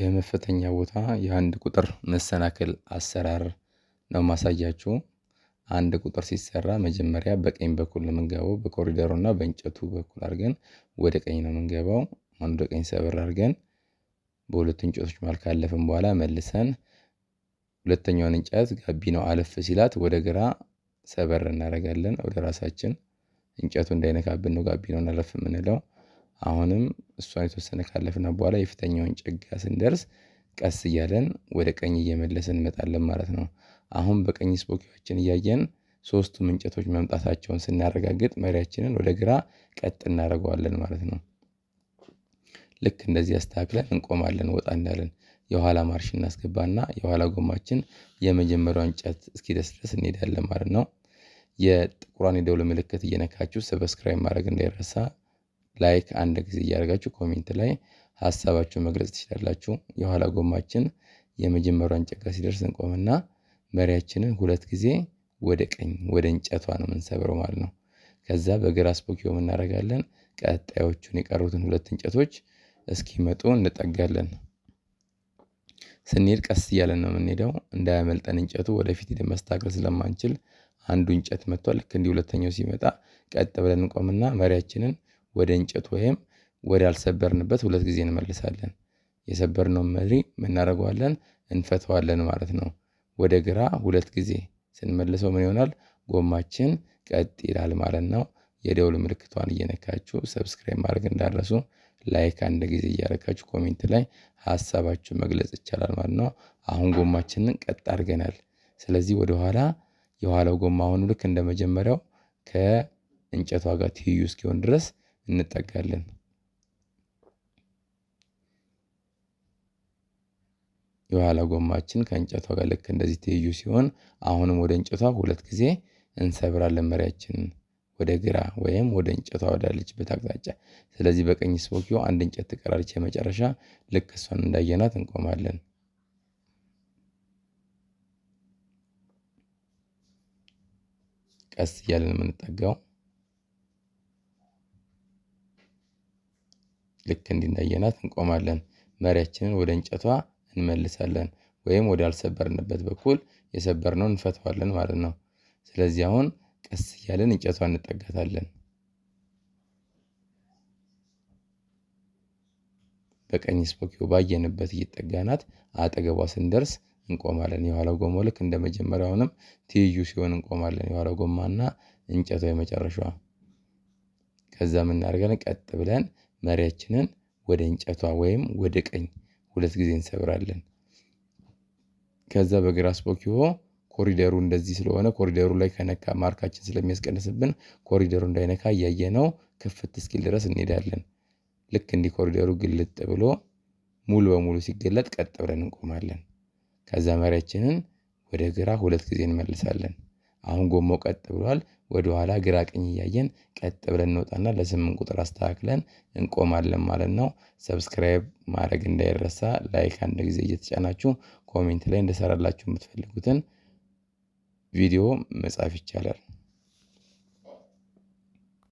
የመፈተኛ ቦታ የአንድ ቁጥር መሰናክል አሰራር ነው ማሳያችሁ አንድ ቁጥር ሲሰራ መጀመሪያ በቀኝ በኩል ነው የምንገባው። በኮሪደሩ እና በእንጨቱ በኩል አድርገን ወደ ቀኝ ነው የምንገባው። አንድ ቀኝ ሰበር አድርገን በሁለቱ እንጨቶች መሃል ካለፍን በኋላ መልሰን ሁለተኛውን እንጨት ጋቢ ነው አለፍ ሲላት ወደ ግራ ሰበር እናደርጋለን። ወደ ራሳችን እንጨቱ እንዳይነካብን ነው ጋቢ ነው አለፍ የምንለው። አሁንም እሷን የተወሰነ ካለፍና በኋላ የፊተኛውን ጨጋ ስንደርስ ቀስ እያለን ወደ ቀኝ እየመለስ እንመጣለን ማለት ነው። አሁን በቀኝ ስፖኪዎችን እያየን ሶስቱም እንጨቶች መምጣታቸውን ስናረጋግጥ መሪያችንን ወደ ግራ ቀጥ እናደርገዋለን ማለት ነው። ልክ እንደዚህ አስተካክለን እንቆማለን ወጣ እንዳለን የኋላ ማርሽ እናስገባና የኋላ ጎማችን የመጀመሪያው እንጨት እስኪደስደስ እንሄዳለን ማለት ነው። የጥቁሯን የደውል ምልክት እየነካችሁ ሰብስክራይብ ማድረግ እንዳይረሳ ላይክ አንድ ጊዜ እያደረጋችሁ ኮሜንት ላይ ሀሳባችሁ መግለጽ ትችላላችሁ። የኋላ ጎማችን እንጨት ጋር ሲደርስ እንቆምና መሪያችንን ሁለት ጊዜ ወደ ቀኝ ወደ እንጨቷ ነው የምንሰብረው ማለት ነው። ከዛ በግራ ስፖኪዮም እናደርጋለን። ቀጣዮቹን የቀሩትን ሁለት እንጨቶች እስኪመጡ እንጠጋለን። ስንሄድ ቀስ እያለን ነው የምንሄደው፣ እንዳያመልጠን እንጨቱ ወደፊት ሄደን ስለማንችል አንዱ እንጨት መጥቷል። ልክ እንዲህ ሁለተኛው ሲመጣ ቀጥ ብለን እንቆምና መሪያችንን ወደ እንጨት ወይም አልሰበርንበት ሁለት ጊዜ እንመልሳለን። የሰበርነውን መሪ ምን እናደርገዋለን? እንፈተዋለን ማለት ነው። ወደ ግራ ሁለት ጊዜ ስንመልሰው ምን ይሆናል? ጎማችን ቀጥ ይላል ማለት ነው። የደውል ምልክቷን እየነካችሁ ሰብስክራይብ ማድረግ እንዳረሱ፣ ላይክ አንድ ጊዜ እያደረጋችሁ ኮሜንት ላይ ሀሳባችሁ መግለጽ ይቻላል ማለት ነው። አሁን ጎማችንን ቀጥ አድርገናል። ስለዚህ ወደኋላ የኋላው ጎማ አሁኑ ልክ እንደመጀመሪያው ከእንጨቷ ጋር ትይዩ እስኪሆን ድረስ እንጠጋለን። የኋላ ጎማችን ከእንጨቷ ጋር ልክ እንደዚህ ትይዩ ሲሆን አሁንም ወደ እንጨቷ ሁለት ጊዜ እንሰብራለን መሪያችን ወደ ግራ ወይም ወደ እንጨቷ ወዳለችበት አቅጣጫ። ስለዚህ በቀኝ ስፖኪዮ አንድ እንጨት ትቀራለች። የመጨረሻ ልክ እሷን እንዳየናት እንቆማለን። ቀስ እያለን የምንጠጋው ልክ እንዲናየናት እንቆማለን። መሪያችንን ወደ እንጨቷ እንመልሳለን ወይም ወደ አልሰበርንበት በኩል የሰበርነውን እንፈተዋለን ማለት ነው። ስለዚህ አሁን ቀስ እያለን እንጨቷ እንጠጋታለን። በቀኝ ስፖኪው ባየንበት እየጠጋናት አጠገቧ ስንደርስ እንቆማለን። የኋላው ጎማ ልክ እንደመጀመሪያውንም ትይዩ ሲሆን እንቆማለን። የኋላው ጎማና እንጨቷ የመጨረሻዋ ከዛ ምናደርገን ቀጥ ብለን መሪያችንን ወደ እንጨቷ ወይም ወደ ቀኝ ሁለት ጊዜ እንሰብራለን። ከዛ በግራ ስፖኪዮ ኮሪደሩ እንደዚህ ስለሆነ ኮሪደሩ ላይ ከነካ ማርካችን ስለሚያስቀንስብን ኮሪደሩ እንዳይነካ እያየ ነው ክፍት እስኪል ድረስ እንሄዳለን። ልክ እንዲህ ኮሪደሩ ግልጥ ብሎ ሙሉ በሙሉ ሲገለጥ ቀጥ ብለን እንቆማለን። ከዛ መሪያችንን ወደ ግራ ሁለት ጊዜ እንመልሳለን አሁን ጎማው ቀጥ ብሏል ወደኋላ ግራ ቀኝ እያየን ቀጥ ብለን እንወጣና ለስምንት ቁጥር አስተካክለን እንቆማለን ማለት ነው። ሰብስክራይብ ማድረግ እንዳይረሳ ላይክ አንድ ጊዜ እየተጫናችሁ ኮሜንት ላይ እንደሰራላችሁ የምትፈልጉትን ቪዲዮ መጻፍ ይቻላል